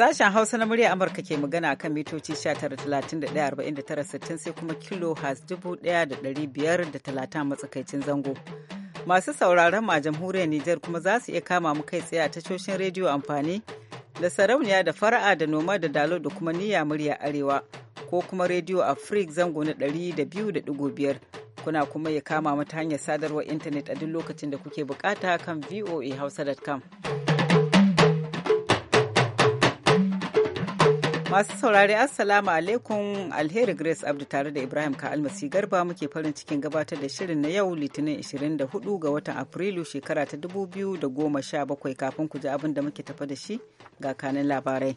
Sashen Hausa na murya Amurka ke magana kan mitoci 19,31,49,60 sai kuma kilo has 1,530 matsakaicin zango. Masu sauraron a jamhuriyar Nijar kuma za su iya kama mu kai tsaye a tashoshin rediyo amfani da sarauniya da fara'a da noma da dalo da kuma niyya murya arewa ko kuma rediyo a freak zango na 200.5 kuna kuma ya kama mu ta hanyar sadarwar intanet a duk lokacin da kuke bukata kan voahausa.com. Masu saurari Assalamu alaikum Alheri Grace Abdu tare da Ibrahim Ka'almasi Garba muke farin cikin gabatar da shirin na yau Litinin 24 ga watan Afrilu shekara ta 2017 kafin ku ji abin da muke tafa da shi ga kanin labarai.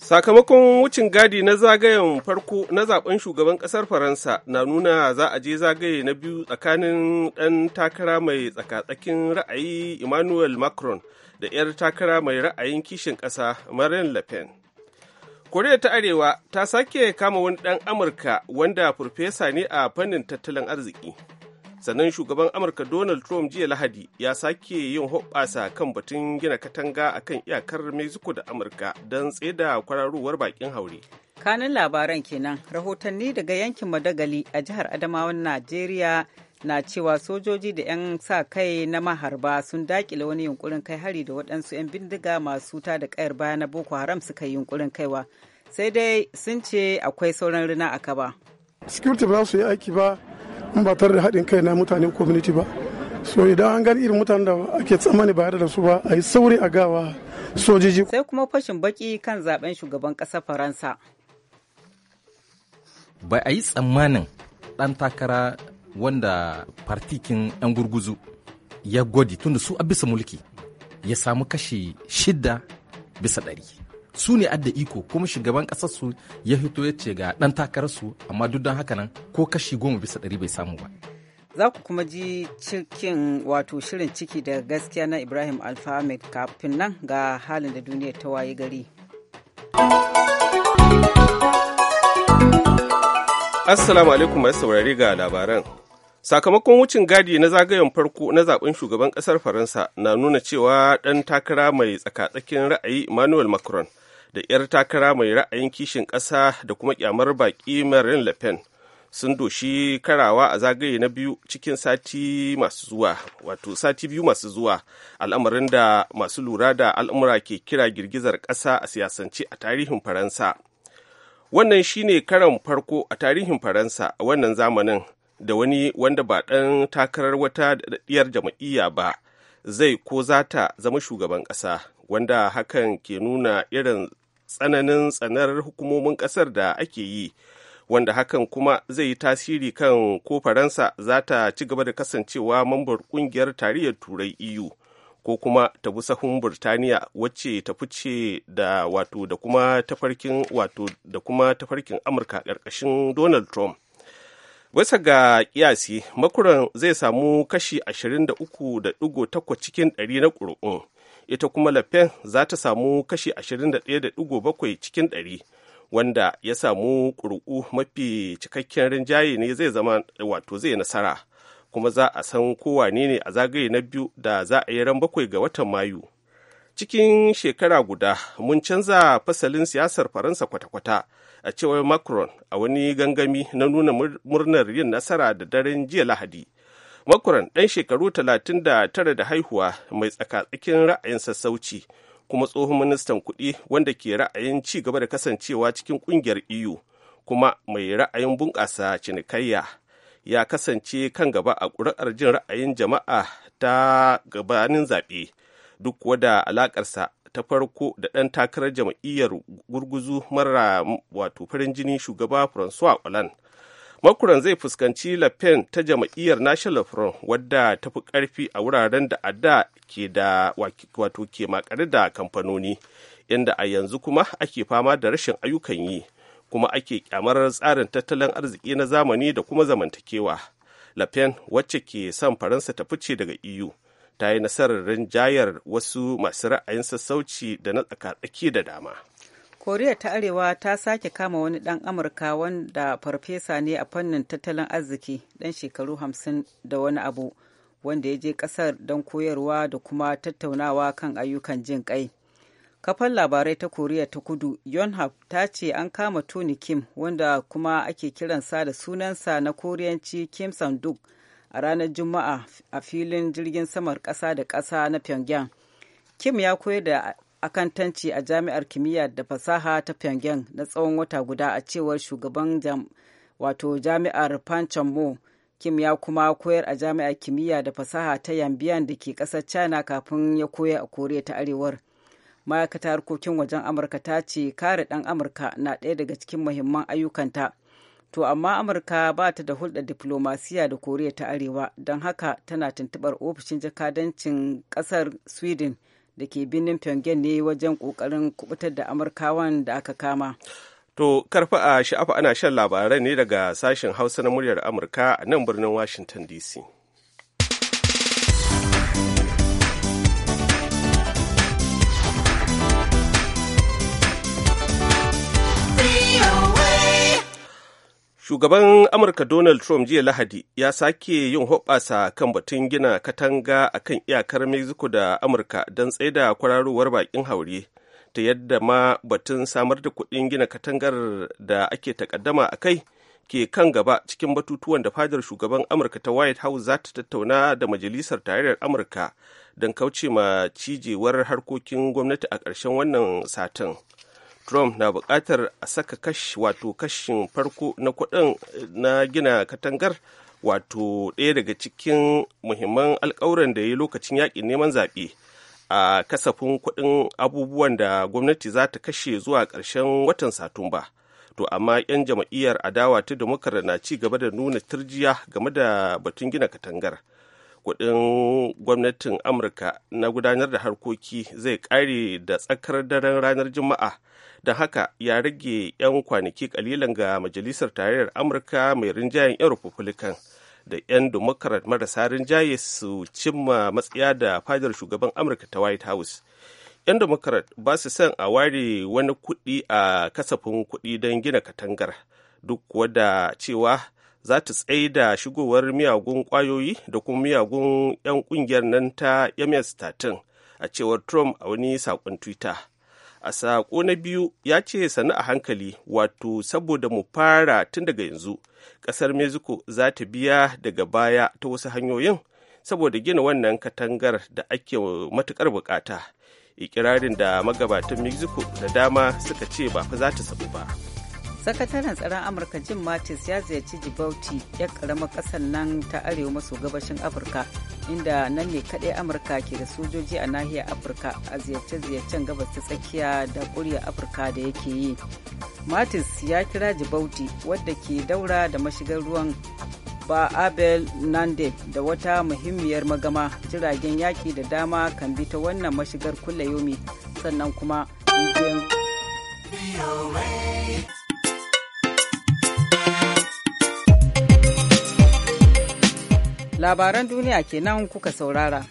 Sakamakon wucin gadi na zagayen farko na zaben shugaban kasar Faransa na nuna za a je zagaye na biyu tsakanin ɗan takara mai tsakatsakin ra'ayi Emmanuel Macron da 'yar takara mai ra'ayin kishin ƙasa Marine Le Pen. koriya ta arewa ta sake kama wani ɗan amurka wanda farfesa ne a fannin tattalin arziki sannan shugaban amurka donald trump jiya lahadi ya sake yin hoɓɓasa kan batun gina katanga a kan iyakar mexico da amurka don tseda kwararowar bakin haure kanin labaran kenan rahotanni daga yankin madagali a jihar adamawan najeriya na cewa sojoji da 'yan sa kai na maharba sun dakile wani yunkurin kai hari da waɗansu 'yan bindiga masu ta da kayar baya na boko haram suka yi yunkurin kaiwa sai dai sun ce akwai sauran rina a kaba security ba su yi aiki ba in ba tare da haɗin kai na mutanen community ba so idan an gani irin mutanen da ake tsammani ba da su ba a yi sauri a gawa sojoji sai kuma fashin baki kan zaben shugaban ƙasar faransa ba a yi tsammanin ɗan takara wanda partikin 'yan gurguzu ya gwadi tunda su a bisa mulki ya samu kashi shida bisa ɗari su ne adda iko kuma shugaban ƙasarsu ya fito ya ce ga ɗan takararsu amma duk don haka nan ko kashi goma bisa ɗari bai samu ba za ku kuma ji cikin wato shirin ciki da gaskiya na ibrahim alfahamid kafin nan ga halin da duniya ta waye gari assalamu alaikum masu saurari ga labaran sakamakon wucin gadi na zagayen farko na zaben shugaban kasar faransa na nuna cewa ɗan takara mai tsakatsakin ra'ayi emmanuel macron da 'yar takara mai ra'ayin kishin ƙasa da kuma kyamar baƙi marine le pen sun doshi karawa a zagaye na biyu cikin sati masu zuwa wato sati biyu masu zuwa al'amarin da masu lura da al'amura ke kira girgizar ƙasa a siyasance a tarihin faransa wannan shine karan farko a tarihin faransa a wannan zamanin da wani wanda ba ɗan takarar wata daɗaɗɗiyar jam'iyya ba zai ko za ta zama shugaban ƙasa wanda hakan ke nuna irin tsananin tsanar hukumomin ƙasar da ake yi wanda hakan kuma zai yi tasiri kan ko faransa za ta ci gaba da kasancewa mambar ƙungiyar tarayyar turai eu ko kuma ta bi sahun burtaniya wacce ta fice da wato da kuma tafarkin wato amurka ƙarƙashin donald trump Bisa ga kiyasi, makuran zai samu kashi 23.8 cikin 100 na ƙuri'un, ita kuma Lafen za ta samu kashi 21.7 cikin 100, wanda ya samu ƙuri'u mafi cikakken rinjaye ne zai zama wato zai nasara, kuma za a san kowane ne a zagaye na biyu da za a yi ran bakwai ga watan Mayu. cikin shekara guda mun canza fasalin siyasar faransa kwata-kwata a cewar macron a wani gangami na nuna murnar yin nasara da daren jiya lahadi macron ɗan shekaru 39 da haihuwa mai tsakatsakin ra'ayin sassauci kuma tsohon ministan kuɗi wanda ke ra'ayin ci gaba da kasancewa cikin ƙungiyar eu kuma mai ra'ayin bunƙasa cinikayya ya kasance kan gaba a ƙuri'ar jin ra'ayin jama'a ta gabanin zaɓe duk wada alakarsa ta farko da ɗan takarar jam'iyyar gurguzu mara wato farin jini shugaba francois olan makuran zai fuskanci le ta jam'iyyar national front wadda ta fi ƙarfi a wuraren da ada ke da wato ke makare da kamfanoni inda a yanzu kuma ake fama da rashin ayyukan yi kuma ake kyamar tsarin tattalin arziki na zamani da kuma zamantakewa le wacce ke son faransa ta fice daga eu ta yi nasarar rinjayar wasu masu ra'ayin sassauci da na tsakatsaki da dama koriya ta arewa ta sake kama wani dan amurka wanda farfesa ne a fannin tattalin arziki dan shekaru hamsin da wani abu wanda ya je kasar don koyarwa da kuma tattaunawa kan ayyukan jin kai kafan labarai ta koriya ta kudu yonhap ta ce an kama tony kim wanda kuma ake kiransa da sunansa na koriyanci kim sanduk a ranar Juma'a a filin jirgin samar ƙasa da ƙasa na Pyongyang. Kim ya koyar da akantanci a jami'ar kimiyya da fasaha ta Pyongyang na tsawon wata guda a cewar shugaban wato jami'ar Panchan Mo. Kim ya kuma koyar a jami'ar kimiyya da fasaha ta Yambiyan da ke ƙasar China kafin ya koya a Koriya ta Arewar. Ma'aikatar harkokin wajen Amurka ta ce kare ɗan Amurka na ɗaya daga cikin muhimman ayyukanta. To amma Amurka ba ta da hulɗar diflomasiya da Koriya ta Arewa don haka tana tuntuɓar ofishin jakadancin ƙasar Sweden da ke birnin Pyongyang ne wajen ƙoƙarin kubutar da Amurkawan da aka kama. To karfa a sha'afa ana shan labarai ne daga sashen Hausa na muryar Amurka a nan birnin Washington DC. Shugaban Amurka Donald Trump jiya Lahadi ya sake yin hoɓasa kan batun gina katanga a kan iyakar Mexico da Amurka don tsaida kwararowar bakin haure ta yadda ma batun samar da kuɗin gina katangar da ake takaddama a kai ke kan gaba cikin batutuwan da fadar shugaban Amurka ta White House za ta tattauna da Majalisar Tarayyar Amurka don kauce ma cijewar harkokin gwamnati a ƙarshen wannan satin. trump na buƙatar a saka kash wato kashin farko na kuɗin eh, na gina katangar wato ɗaya daga cikin muhimman alkawuran da ya yi lokacin yakin neman zaɓe a kasafin kuɗin abubuwan da gwamnati za ta kashe zuwa ƙarshen watan satumba to amma 'yan jama'iyyar adawa ta da na ci gaba da nuna turjiya game da batun gina katangar kudin gwamnatin amurka na gudanar da harkoki zai kare da tsakar daren ranar juma'a don haka ya rage 'yan kwanaki kalilan ga majalisar tarayyar amurka mai rinjayen 'yan republican da 'yan democrat marasa rinjaye su cimma matsaya da fadar shugaban amurka ta white house 'yan democrat ba su san a ware wani kuɗi a kasafin kuɗi don gina katangar duk kuwa cewa za ta tsaye da shigowar miyagun kwayoyi da kuma miyagun 'yan kungiyar nan ta ms 13 a cewar trump a wani saƙon twitter a saƙo na biyu ya ce sani a hankali wato saboda mu fara tun daga yanzu ƙasar mexico za ta biya daga baya ta wasu hanyoyin saboda gina wannan katangar da ake matukar bukata ikirarin da magabatan mexico da dama suka ce ba fa za ta sabu ba. sakataren tsaron amurka jim matis ya ziyarci djibouti ya karama kasar nan ta arewa maso gabashin afirka inda nan ne kadai amurka ke da sojoji a nahiyar afirka a ziyarce-ziyarcen gabas ta tsakiya da kuriya afirka da yake yi matis ya kira djibouti wadda ke daura da mashigar ruwan ba abel nande da wata muhimmiyar magama jiragen yaki da dama kan bi ta wannan mashigar sannan kuma labaran duniya kenan kuka saurara.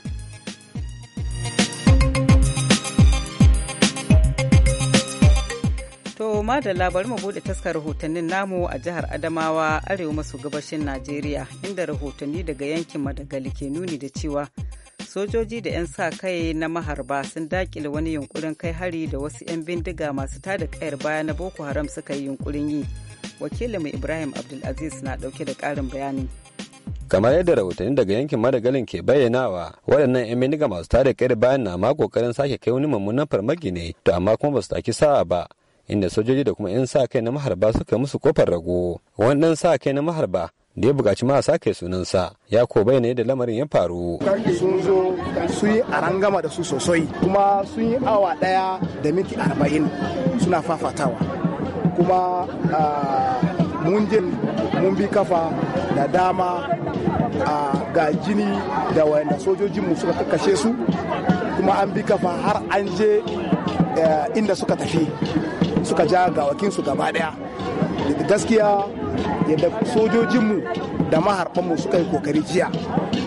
To madalla bari mu bude taskar rahotannin namu a jihar Adamawa arewa maso gabashin Najeriya inda rahotanni daga yankin Madagali ke nuni da cewa sojoji da 'yan sa kai na maharba sun dakile wani yunkurin kai hari da wasu 'yan bindiga masu tada kayar baya na Boko Haram suka yi yunkurin yi. Wakilinmu Ibrahim Abdulaziz na dauke da karin bayani. kamar yadda rahotanni daga yankin madagalin ke bayyanawa waɗannan 'yan bindiga masu tare kai da bayan na ma kokarin sake kai wani mummunan farmaki ne to amma kuma ba su taki sa'a ba inda sojoji da kuma 'yan sa kai na maharba suka musu kofar rago wani ɗan sa kai na maharba da ya buƙaci ma a sake sunansa ya ko bayyana yadda lamarin ya faru. sun zo sun yi arangama da su sosai kuma sun yi awa ɗaya da minti arba'in suna fafatawa kuma ah, mun je mun bi kafa da dama a ga jini da wayanda sojojinmu suka kashe su kuma an bi kafa har an je eh, inda suka tafi suka ja gawakinsu gaba daya gaskiya yadda sojojinmu da maharbanmu suka yi kokari jiya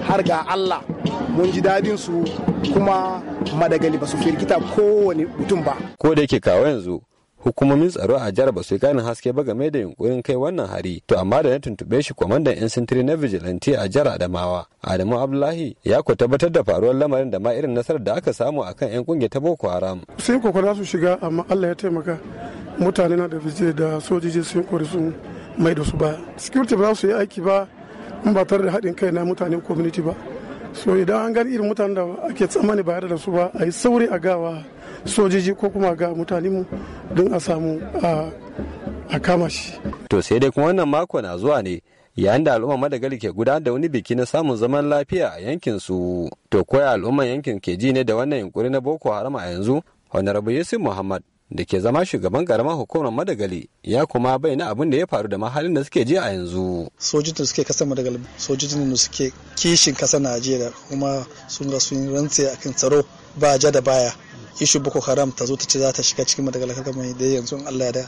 har ga allah mun ji su kuma madagali ba su firgita kowane mutum ba ko da yake kawo yanzu hukumomin tsaro a jihar ba su yi ganin haske ba game da yunkurin kai wannan hari to amma da na tuntube shi kwamandan yan sintiri na vigilante a jihar adamawa adamu abdullahi ya ko tabbatar da faruwar lamarin da ma irin nasarar da aka samu a kan yan kungiyar ta boko haram sai za su shiga amma allah ya taimaka mutane na da vijiyar da sojoji sun kori sun mai da su ba security ba za su yi aiki ba in ba tare da haɗin kai na mutanen community ba so idan an gani irin mutanen da ake tsammani ba da su ba a yi sauri a gawa sojoji ko kuma ga mutane mu don a samu a kama shi to sai dai kuma wannan mako na zuwa ne yayin da al'umma madagali ke gudanar da wani biki na samun zaman lafiya a yankin su to koya al'ummar yankin ke ji ne da wannan yunkuri na boko haram a yanzu honorable yusuf muhammad da ke zama shugaban karamar hukumar madagali ya kuma bayyana abin da ya faru da mahalin da suke ji a yanzu sojojin da suke kasar madagali sojojin da suke kishin kasar najeriya kuma sun ga sun rantse kan tsaro ba ja da baya ishu boko haram ta zo ta ce za ta shiga cikin madagali kaga mai da yanzu in allah da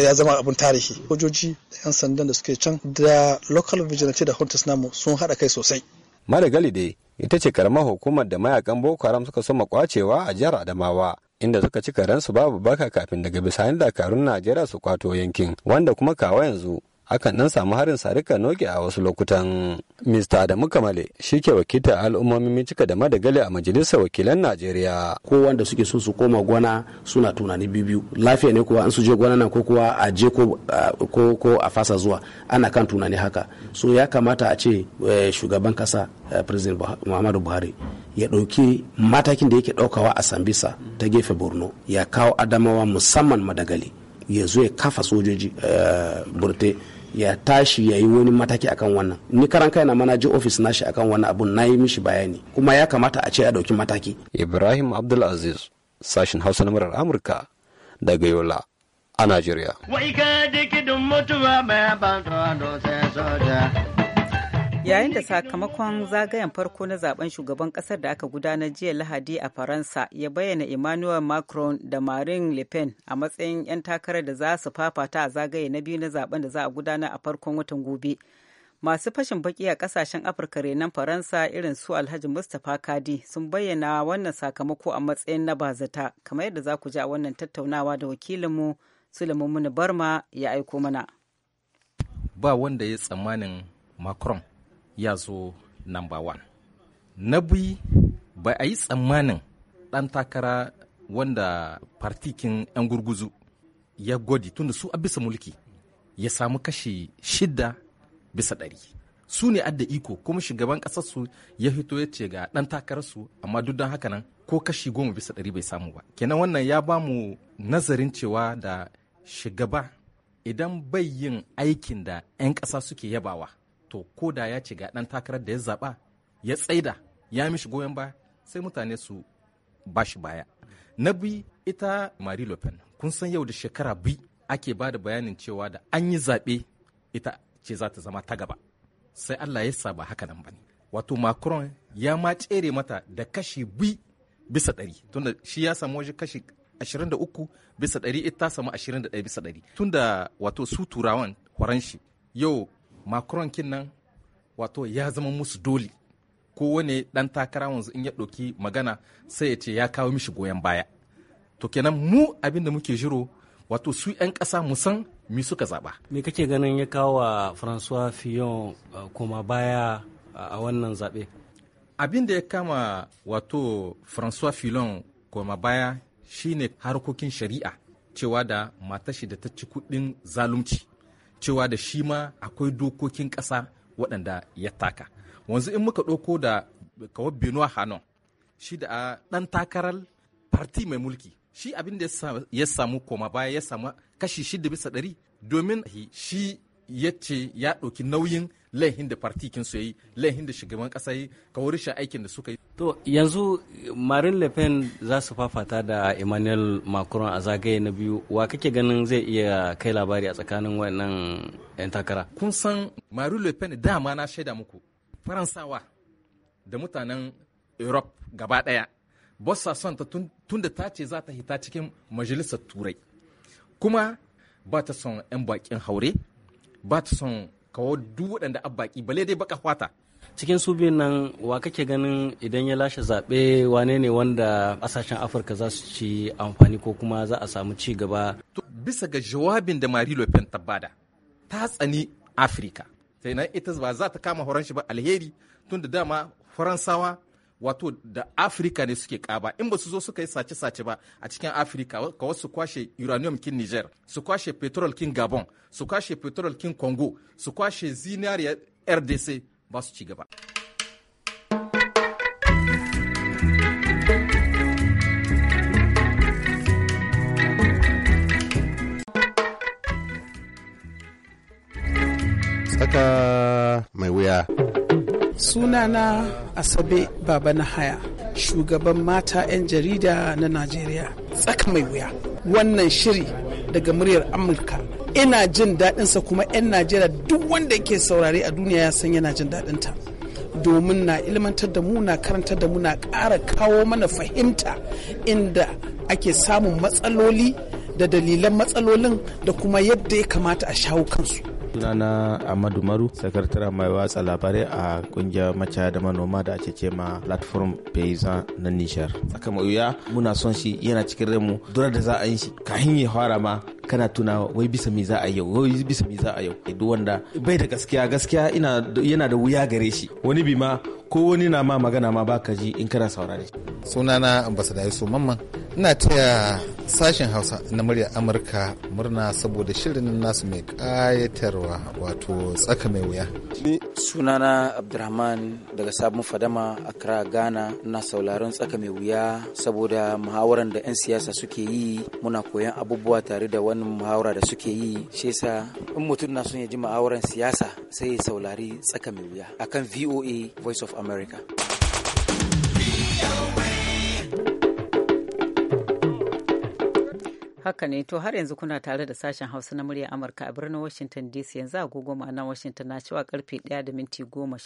ya zama abun tarihi sojoji da yan sandan da suke can da local vigilante da hunters namu sun haɗa kai sosai madagali dai ita ce karamar hukumar da mayakan boko haram suka soma kwacewa a jihar adamawa inda suka ci karensu babu baka kafin daga bisani dakarun najeriya su kwato yankin wanda kuma kawa yanzu akan dan samu harin sarika noge a wasu lokutan. Mr. Adamu Kamale shi ke wakilta al'ummomin Micika da Madagali a majalisar wakilan Najeriya. Ko wanda suke so su koma gona suna tunani biyu lafiya ne kuwa an su je gona nan ko kuwa a je ko a fasa zuwa ana kan tunani haka. So ya kamata a ce eh, shugaban kasa eh, President Muhammadu Buhari ya ɗauki matakin da yake ɗaukawa a Sambisa ta gefe Borno ya kawo Adamawa musamman Madagali ya zo ya kafa sojoji eh, burte ya tashi ya yi wani mataki akan wannan ni karan kai na manaji ofis nashi akan wannan abun na yi mishi bayani kuma ya kamata a ce a dauki mataki ibrahim abdulaziz sashin hausa na murar amurka daga yola a najeriya wai yayin da sakamakon zagayen farko na zaben shugaban kasar da aka gudanar jiya lahadi a faransa ya bayyana emmanuel macron da marine le pen a matsayin 'yan takarar da za su fafata a zagaye na biyu na zaben da za a gudanar a farkon watan gobe masu fashin baki a kasashen afirka renon faransa irin su alhaji mustapha kadi sun bayyana wannan sakamako a matsayin na bazata kamar yadda za ku ji a wannan tattaunawa da wakilinmu suleiman barma ya aiko mana ba wanda ya tsammanin macron ya zo number one na biyu ba a yi tsammanin ɗan takara wanda partikin 'yan gurguzu ya gwadi da su a bisa mulki ya samu kashi shidda bisa ɗari su ne adda iko kuma shugaban ƙasarsu ya fito ya ce ga ɗan takararsu amma duk don haka nan ko kashi goma bisa ɗari bai samu ba kenan wannan ya ba mu nazarin cewa da shugaba idan bai yin aikin da 'yan ƙasa suke yabawa to ko da ya ce ga ɗan takarar da ya zaɓa ya tsaida ya mishi goyon baya sai mutane su ba shi baya na bi ita marie le kun san yau da shekara bi ake ba da bayanin cewa da an yi zaɓe ita ce za ta zama ta gaba sai allah ya sa ba haka nan ba ne wato macron ya ma tsere mata da kashi bi bisa ɗari tunda shi ya samu waje kashi 23 bisa ɗari ita samu 21 bisa ɗari tunda wato su turawan horon shi yau macron kin nan wato ya zama musu dole wani dan takara wanzu in ya ɗauki magana sai ya ce ya kawo mishi goyon baya to kenan mu abin da muke jiro wato su 'yan ƙasa musan mi suka zaɓa me kake ganin ya kawo wa francois fillon uh, koma baya uh, a wannan zaɓe abin da ya kama wato francois fillon koma baya shine harkokin shari'a cewa da matashi da ta ci kuɗin zalunci cewa da shi ma akwai dokokin ƙasa waɗanda ya taka wanzu in muka ɗauko da kawai benoit hanon shi da ɗan takarar parti mai mulki shi abin da ya samu koma baya ya samu kashi shida bisa ɗari domin shi ya ce ya ɗauki nauyin laihin da partikin su yi laihin da shugaban kasa yi ka wuri aikin da suka yi to yanzu Marine Le Pen za su fafata da Emmanuel Macron a zagaye na biyu wa kake ganin zai iya kai labari a tsakanin wannan yan takara kun san Marine Le Pen dama na shaida muku Faransawa da mutanen Europe gaba daya bossa son ta tunda da ta ce za ta hita cikin majalisar turai kuma ba ta son 'yan bakin haure ba ta son kawo duk waɗanda abbaki bale dai baka fata cikin su biyun nan wa kake ganin idan ya lashe zaɓe wane ne wanda ƙasashen afirka za su ci amfani ko kuma za a samu ci gaba bisa ga jawabin da marie le pen ta bada ta tsani afirka sai nan ita ba za ta kama horon shi ba alheri tun da dama faransawa wato da afirka ne suke kaba in ba su zo suka yi sace-sace ba a cikin afirka ka wasu kwashe uranium kin niger su kwashe petrol kin gabon su kwashe petrol kin congo su kwashe zinariya rdc ba su ci gaba. sunana asabe baba na haya shugaban mata 'yan jarida na najeriya tsaka mai wuya wannan shiri daga muryar amurka ina jin daɗinsa kuma 'yan najeriya duk wanda ke saurare a duniya ya san yana jin daɗinta domin na ilmantar da mu na karantar da mu na ƙara kawo mana fahimta inda ake samun matsaloli da dalilan matsalolin da kuma yadda ya kamata a shawo kansu sunana amadu maru sakataren mai watsa labarai a kungiyar macaya da manoma da ake ce ma platform paysan na nishar tsaka mai wuya muna son shi yana cikin remu dura da za a yi shi kahin ya fara ma kana tuna wai bisa me za a yau wai bisa me za a yau duk wanda bai da gaskiya gaskiya yana da wuya gare shi wani bi ma ko wani na ma magana ma baka ji in kana saurare sunana ambasada yusuf mamman ina taya sashen hausa na murya amurka murna saboda shirin nasu mai kayatarwa wato tsaka mai wuya sunana abdurrahman daga sabon fadama a accra ghana na sauraron tsaka mai wuya saboda muhawaran da 'yan siyasa suke yi muna koyan abubuwa tare da wani muhawara da suke yi shi in mutum na son ya ji muhawaran siyasa sai ya saurari tsaka mai wuya akan voa voice of America. Haka ne to har yanzu kuna tare da sashen Hausa na murya Amurka a birnin Washington DC yanzu agogo ma'ana Washington na cewa karfe 1 da minti goma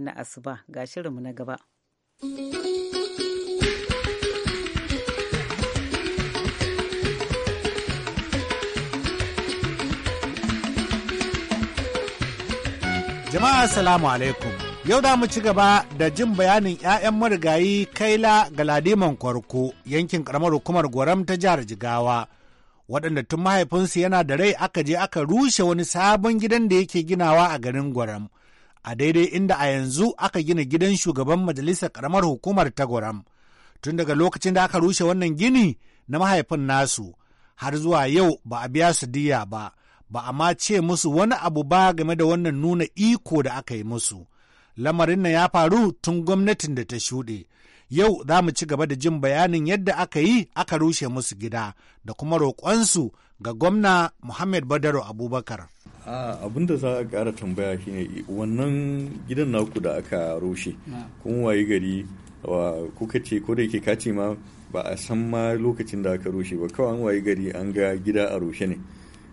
na asuba ga shirinmu na gaba. Jama'a assalamu alaikum. Yau da mu ci gaba da jin bayanin 'ya'yan marigayi Kaila Galadiman Kwarko yankin karamar hukumar Gwaram ta jihar Jigawa. Waɗanda tun mahaifinsu yana da rai aka je aka rushe wani sabon gidan da yake ginawa a garin Gwaram. A daidai inda a yanzu aka gina gidan shugaban majalisar karamar hukumar ta Gwaram. Tun daga lokacin da aka rushe wannan gini na mahaifin nasu har zuwa yau ba a biya su diya ba, ba a ma ce musu wani abu ba game da wannan nuna iko da aka yi musu. lamarin na ya faru tun gwamnatin da ta shuɗe. Yau za mu ci gaba da jin bayanin yadda aka yi aka rushe musu gida da kuma roƙonsu ga gwamna Muhammad Badaro Abubakar. abin da za a ƙara tambaya shine wannan gidan naku da aka rushe kuma wayi gari kuka ce ko da yake kace ma ba a san ma lokacin da aka rushe ba kawai an wayi gari an ga gida a rushe ne.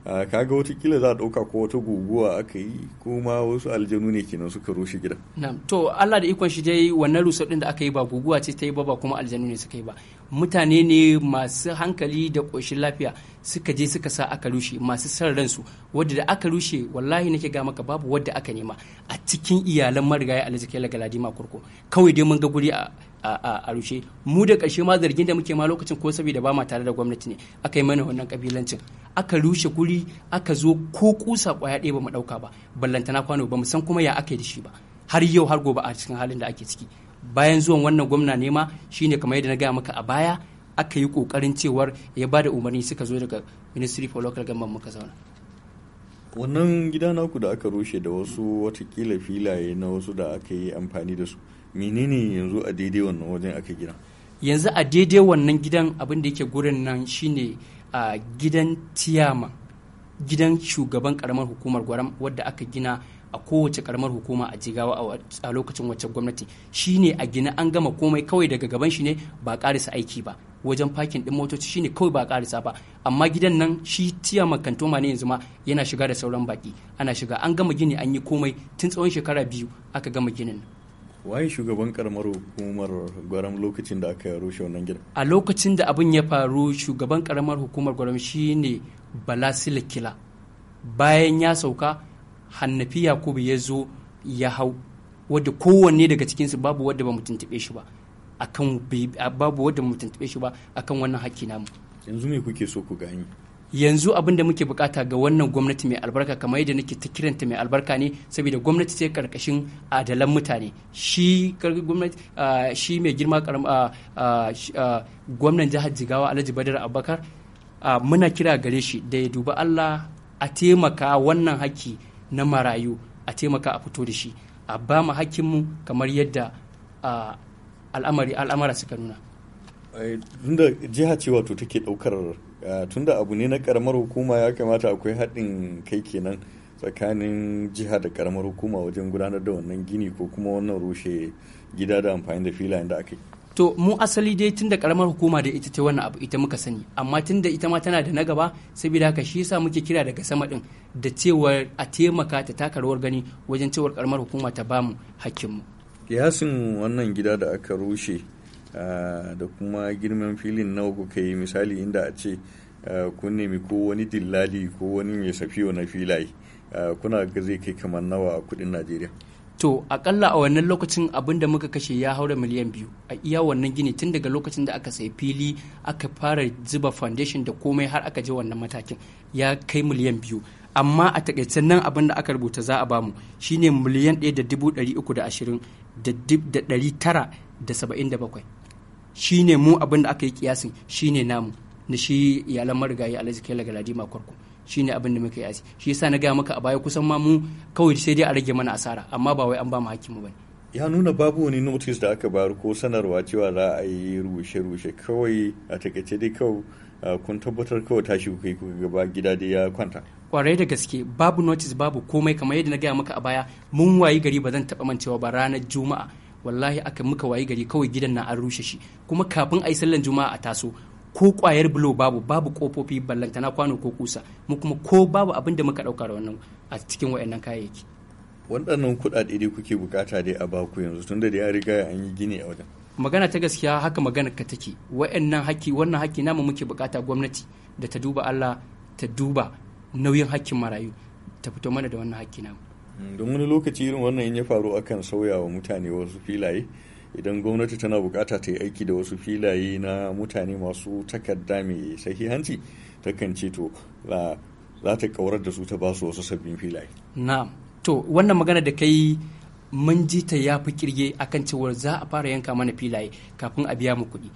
kaga kila za a ɗauka ko wata guguwa aka yi kuma wasu aljanu ne kenan suka rushe gidan. Na'am to Allah da ikon shi dai wannan rusau din da aka yi ba guguwa ce ta yi ba ba kuma aljanu ne suka yi ba. Mutane ne masu hankali da ƙoshin lafiya suka je suka sa aka rushe masu san ransu wadda da aka rushe wallahi nake ga maka babu wadda aka nema a cikin iyalan marigayi alhaji kai ma kurko kawai dai mun ga guri a a rushe mu da ƙarshe ma zargin da muke ma lokacin ko saboda ba ma tare da gwamnati ne aka yi mana wannan kabilancin aka rushe guri aka zo ko kusa kwaya ɗaya ba mu ɗauka ba ballantana kwano ba mu san kuma ya aka yi da shi ba har yau har gobe a cikin halin da ake ciki bayan zuwan wannan gwamna ne ma shine kamar yadda na gaya maka a baya aka yi kokarin cewar ya ba da umarni suka zo daga ministry for local government muka zauna wannan gida naku da aka rushe da wasu watakila filaye na wasu da aka yi amfani da su menene yanzu a daidai wannan wajen aka gina yanzu a daidai wannan gidan abin da yake gurin nan shine a gidan tiyama gidan shugaban karamar hukumar gwaram wadda aka gina a kowace karamar hukuma a jigawa a lokacin wacce gwamnati shine a gina an gama komai kawai daga gaban shi ne ba karisa aiki ba wajen fakin din motoci shine kawai ba karisa ba amma gidan nan shi tiya makantoma ne yanzu ma yana shiga da sauran baki ana shiga an gama gini an yi komai tun tsawon shekara biyu aka gama ginin waye shugaban karamar hukumar gwaram lokacin da aka rushe wannan gidan a lokacin da abin ya faru shugaban karamar hukumar gwaram shine bala silikila bayan ya sauka hannafi yakubu ya zo ya hau wadda kowanne daga cikinsu babu wadda ba mu tuntube shi ba akan babu wadda mu tuntube shi ba akan wannan hakki namu yanzu me kuke so ku gani yanzu abin da muke bukata ga wannan gwamnati mai albarka kamar yadda nake ta kiranta mai albarka ne saboda gwamnati sai karkashin adalan mutane shi gwamnati mai girma gwamnan jihar jigawa alhaji badar abubakar muna kira gare shi da ya duba allah a taimaka wannan haki na marayu a taimaka a fito da shi a ba mu hakkinmu kamar yadda al'amari al'amara suka nuna tunda jiha ce wato take daukar Eh, tunda abu ne na karamar hukuma ya kamata akwai haɗin kai kenan tsakanin jiha da karamar hukuma wajen gudanar da wannan gini ko kuma wannan rushe gida da amfani da filayen da aka yi to mu asali dai tun da karamar hukuma da ita ce wannan abu ita muka sani amma tun da ita ma tana da na gaba saboda haka shi yasa muke kira daga sama din da cewar a taimaka ta taka rawar gani wajen cewar karamar hukuma ta bamu hakkinmu kiyasin wannan gida da aka rushe Ah, da kuma girman filin nawa kuka yi misali inda a ce ah, kun nemi ko wani dillali ko wani mai safiyo na filaye ah, kuna ga zai kai kamar nawa a kudin najeriya to akalla a wannan lokacin abin da muka kashe ya haura miliyan biyu a iya wannan gini tun daga lokacin da aka sai fili aka fara zuba foundation da komai har aka je wannan matakin ya kai miliyan biyu amma a takaicen nan abin da aka rubuta za a bamu shine miliyan ɗaya da dubu da ashirin da ɗari tara da saba'in da bakwai Shi ne mu abin da aka yi kiyasin shine namu na shi iyalan marigayi alhaji ladi galadima kwarko shine abin da muka yi shi yasa na gaya maka a baya kusan ma mu kawai sai dai a rage mana asara amma ba wai an ba mu hakki mu ya nuna babu wani notice da aka bayar ko sanarwa cewa za a yi rushe-rushe kawai a takaice dai kawai kun tabbatar kawai tashi kuka yi kuka gaba gida dai ya kwanta kwarai da gaske babu notice babu komai kamar yadda na gaya maka a baya mun wayi gari ba zan taba mancewa ba ranar juma'a wallahi aka muka wayi gari kawai gidan na an rushe shi kuma kafin a yi sallan juma'a a taso ko kwayar bulo babu babu kofofi na kwano ko kusa mu kuma ko babu abin da muka dauka da wannan a cikin wayannan kayayyaki waɗannan kuɗaɗe dai kuke bukata dai a baku yanzu tunda da ya riga an yi gini a wajen magana ta gaskiya haka magana ka take wayannan haki wannan haki namu muke bukata gwamnati da ta duba Allah ta duba nauyin hakkin marayu ta fito mana da wannan hakki namu don wani lokaci irin wannan ya faru akan sauya wa mutane wasu filaye idan gwamnati tana bukata ta yi aiki da wasu filaye na mutane masu takarda mai sahihanci takan ce to za ta kaurar da su ta ba su wasu sabbin filaye na'am to wannan magana da kai mun ji ta ya fi kirge akan cewar za a fara yanka mana filaye kafin a biya mu kuɗi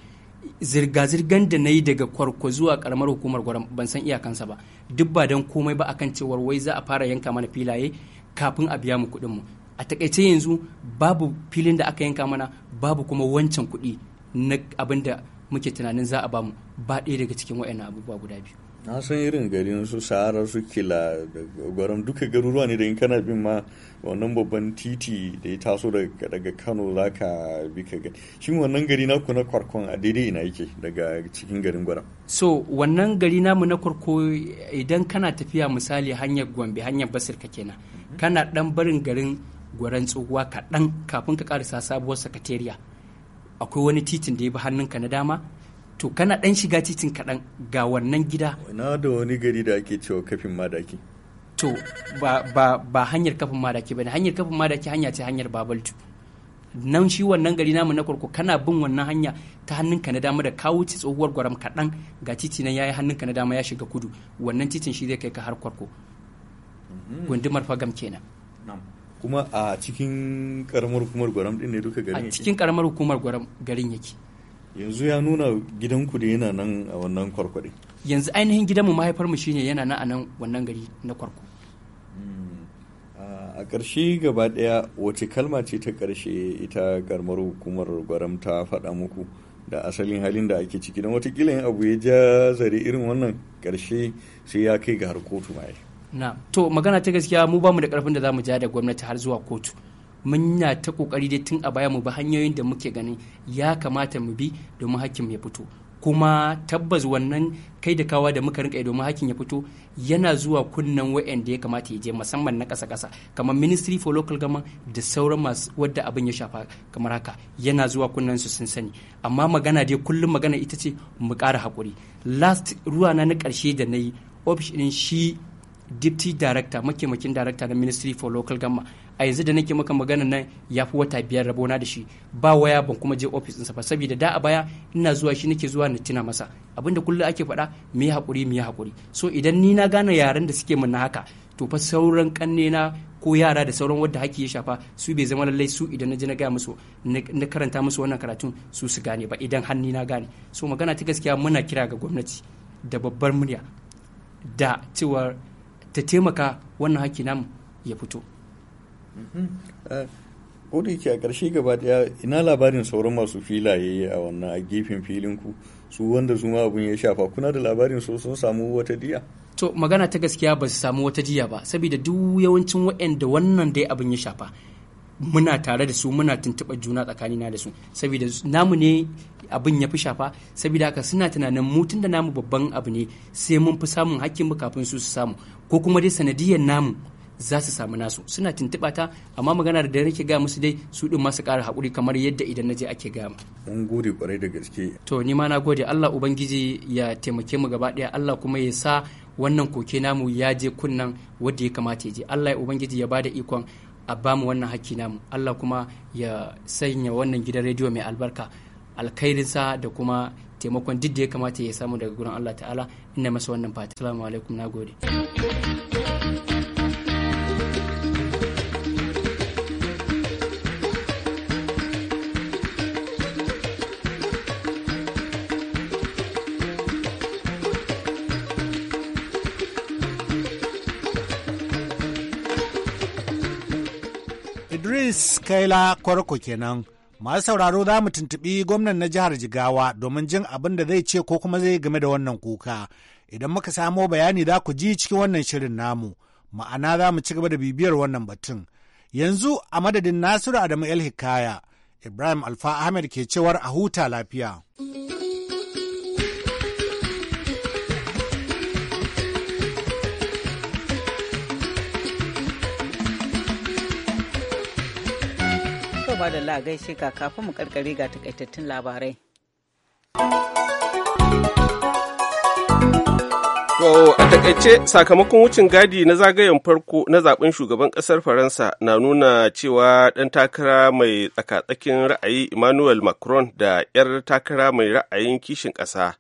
zirga-zirgan da na yi daga kwarko zuwa karamar hukumar gwaram ban san iyakansa ba duk ba don komai ba akan cewar wai za a fara yanka mana filaye kafin a biya mu kuɗin mu a takaice yanzu babu filin da aka yanka mana babu kuma wancan kuɗi na abin da muke tunanin za a ba mu ba ɗaya daga cikin wa'annan abubuwa guda biyu na san irin gari su sahara su kila da gwaram duka garuruwa ne da in kana bin ma wannan babban titi da ya taso daga kano za ka bi ka gani shin wannan gari na ku na kwarkon a daidai ina yake daga cikin garin gwaram so wannan gari namu na kwarko idan kana tafiya misali hanyar gombe hanyar basirka kenan kana dan barin garin gwaran tsohuwa kaɗan kafin ka ƙarisa sabuwar sakatariya akwai wani titin da ya bi hannunka na dama to kana dan shiga titin kaɗan ga wannan gida na da wani gari da ake cewa kafin madaki to ba, hanyar kafin madaki ba ne hanyar kafin madaki hanya ce hanyar babaltu nan shi wannan gari namu na kurku kana bin wannan hanya ta hannunka na dama da kawo ci tsohuwar gwaram kaɗan ga titi nan hannun hannunka na dama ya shiga kudu wannan titin shi zai kai ka har kwarko Mhm. gundumar fagam kenan kuma a cikin karamar hukumar gwaram din ne duka garin a cikin karamar hukumar gwaram garin yake yanzu ya nuna gidanku da yana nan a wannan kwarkwaɗin yanzu ainihin gidanmu mahaifarmu shine yana nan a nan wannan gari na kwarko hmm. a ƙarshe gaba ɗaya wace kalma ce ta ƙarshe ita karamar hukumar gwaram ta faɗa muku da asalin halin da ake ciki don watakila yin abu ya ja zare irin wannan ƙarshe sai ya kai ga har kotu na to magana ta gaskiya mu ba mu da karfin da zamu ja da gwamnati har zuwa kotu mun ta kokari dai tun a baya mu bi hanyoyin da muke ganin ya kamata mu bi domin hakkin ya fito kuma tabbas wannan kai da kawa da muka rinka domin hakin ya fito yana zuwa kunnen wa'anda ya kamata ya je musamman na ƙasa kasa kamar ministry for local government da sauran masu wadda abin ya shafa kamar haka yana zuwa kunnen su sun sani amma magana dai kullum magana ita ce mu kara hakuri last ruwa na na karshe da na yi ofishin shi deputy director makemakin director na ministry for local gamma a yanzu da nake maka magana nan ya fi wata biyar rabona da shi ba waya ban kuma je office ɗinsa ba saboda da a baya ina zuwa shi nake zuwa na tuna masa abinda kullum ake faɗa me hakuri haƙuri hakuri so idan ni na gane yaren da suke mun na haka to fa sauran kanne na ko yara da sauran wadda haƙi ya shafa su bai zama lallai su idan na ji na gaya musu na karanta musu wannan karatun su su gane ba idan hannu na gane so magana ta gaskiya muna kira ga gwamnati da babbar murya da cewar ta taimaka wannan haƙƙi namu ya fito mhm. eh, ko ke a ƙarshe gaba ɗaya ina labarin sauran masu filaye a wannan a gefen filin ku su wanda su ma abin ya shafa kuna da labarin so sun samu wata diya to magana ta gaskiya ba su samu wata jiya ba saboda duk yawancin waɗanda wannan dai abin ya shafa muna tare da su muna tuntuɓa juna tsakanina da su saboda namu ne abin ya fi shafa saboda haka suna tunanin mutun da namu babban abu ne sai mun fi samun hakkin mu kafin su su samu ko kuma dai sanadiyar namu za su samu nasu suna tuntuɓa ta amma magana da nake ga musu dai su din masu ƙara hakuri kamar yadda idan na je ake gama. Mun gode ƙwarai da gaske. To ni ma na gode Allah Ubangiji ya taimake mu gaba ɗaya Allah kuma ya sa wannan koke namu ya je kunnan wanda ya kamata ya je Allah ya Ubangiji ya bada ikon a bamu wannan hakki namu Allah kuma ya sanya wannan gidan rediyo mai albarka alkhairinsa da kuma taimakon duk da ya kamata ya samu daga gurin Allah ta'ala ina masa wannan fata assalamu alaikum nagode Idris Kaila Kwarko kenan Masu sauraro za mu tuntuɓi gwamnan na jihar Jigawa domin jin abin da zai ce ko kuma zai game da wannan kuka. Idan muka samo bayani za ku ji cikin wannan shirin namu, ma'ana za mu ci gaba da bibiyar wannan batun. Yanzu a madadin Nasiru Adamu El Hikaya, Ibrahim Alfa Ahmed ke cewar a huta lafiya. ba da lagai shi ka kafin mu karkare ga takaitattun labarai. To a takaice sakamakon wucin gadi na zagayen farko na zaben shugaban kasar Faransa na nuna cewa ɗan takara mai tsakatsakin ra'ayi Emmanuel Macron da 'yar takara mai ra'ayin kishin ƙasa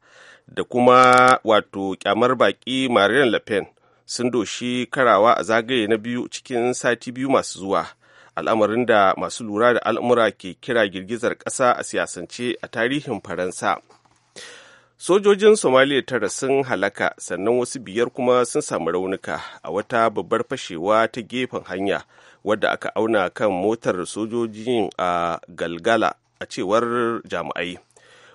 da kuma wato kyamar baƙi Marine Le Pen sun doshi karawa a zagaye na biyu cikin sati biyu masu zuwa. al'amarin da masu lura da al'amura ke kira girgizar ƙasa a siyasance a tarihin faransa sojojin somaliya tara sun halaka sannan wasu biyar kuma sun samu raunuka a wata babbar fashewa ta gefen hanya wadda aka auna kan motar sojojin a galgala a cewar jami'ai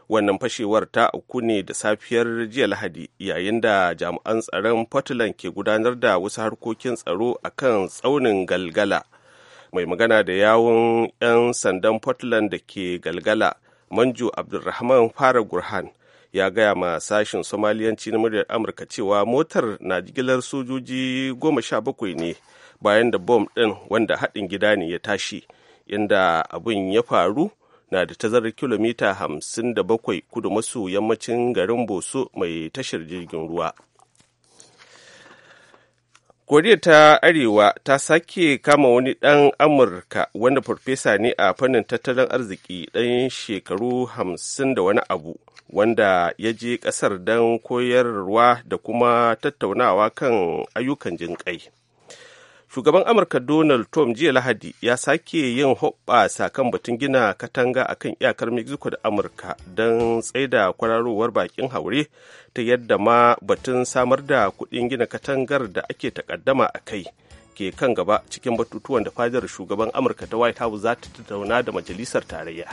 wannan fashewar ta uku ne da safiyar jiya lahadi yayin da jami'an tsaron portland ke gudanar da wasu harkokin tsaro a kan tsaunin galgala mai magana da yawun 'yan sandan portland da ke galgala manju abdulrahman fara gurhan ya gaya ma sashin somaliyanci na muryar amurka cewa motar na jigilar sojoji goma sha bakwai ne bayan da bom ɗin wanda haɗin gida ne ya tashi inda abin ya faru na da tazarar kilomita hamsin da bakwai kudu maso yammacin garin boso mai tashar jirgin ruwa koriya ta arewa ta sake kama wani ɗan amurka wanda farfesa ne a fannin tattalin arziki ɗan shekaru hamsin da wani abu wanda ya je ƙasar don koyarwa da kuma tattaunawa kan ayyukan jin ƙai. shugaban amurka donald trump jiya lahadi ya sake yin hoɓɓasa kan batun gina katanga a kan iyakar mexico da amurka don tsaida kwararowar bakin haure ta yadda ma batun samar da kuɗin gina katangar da ake takaddama a kai ke kan gaba cikin batutuwan da fadar shugaban amurka ta white house za ta tattauna da majalisar tarayya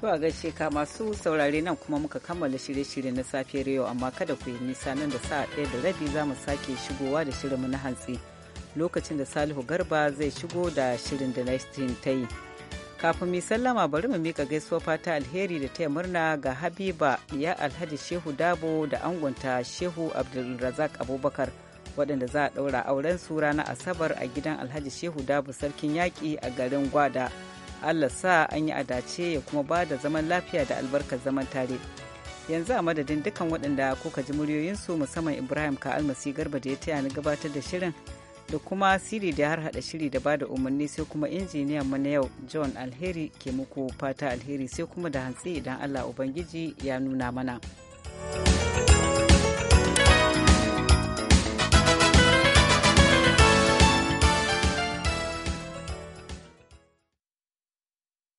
To a gaishe ka masu saurare nan kuma muka kammala shirye-shirye na safiyar yau amma kada ku yi nisa nan da sa'a ɗaya da rabi za mu sake shigowa da shirinmu na hantsi. lokacin da Salihu Garba zai shigo da shirin da nastin ta yi. Kafin mi sallama bari mu mika gaisuwa fata alheri da taya murna ga Habiba ya Alhaji Shehu Dabo da angonta Shehu Abdulrazak Abubakar waɗanda za a ɗaura auren su ranar Asabar a gidan Alhaji Shehu Dabo Sarkin Yaƙi a garin Gwada. Allah sa an yi adace ya kuma ba da zaman lafiya da albarkar zaman tare. yanzu a madadin dukkan waɗanda kuka ji muryoyinsu musamman ibrahim ka almasi garba da ya taya ni gabatar da shirin da kuma siri da har hada shiri da bada umarni sai kuma injiniyan mu na yau john alheri ke muku fata alheri sai kuma da hantsi idan allah ubangiji ya nuna mana.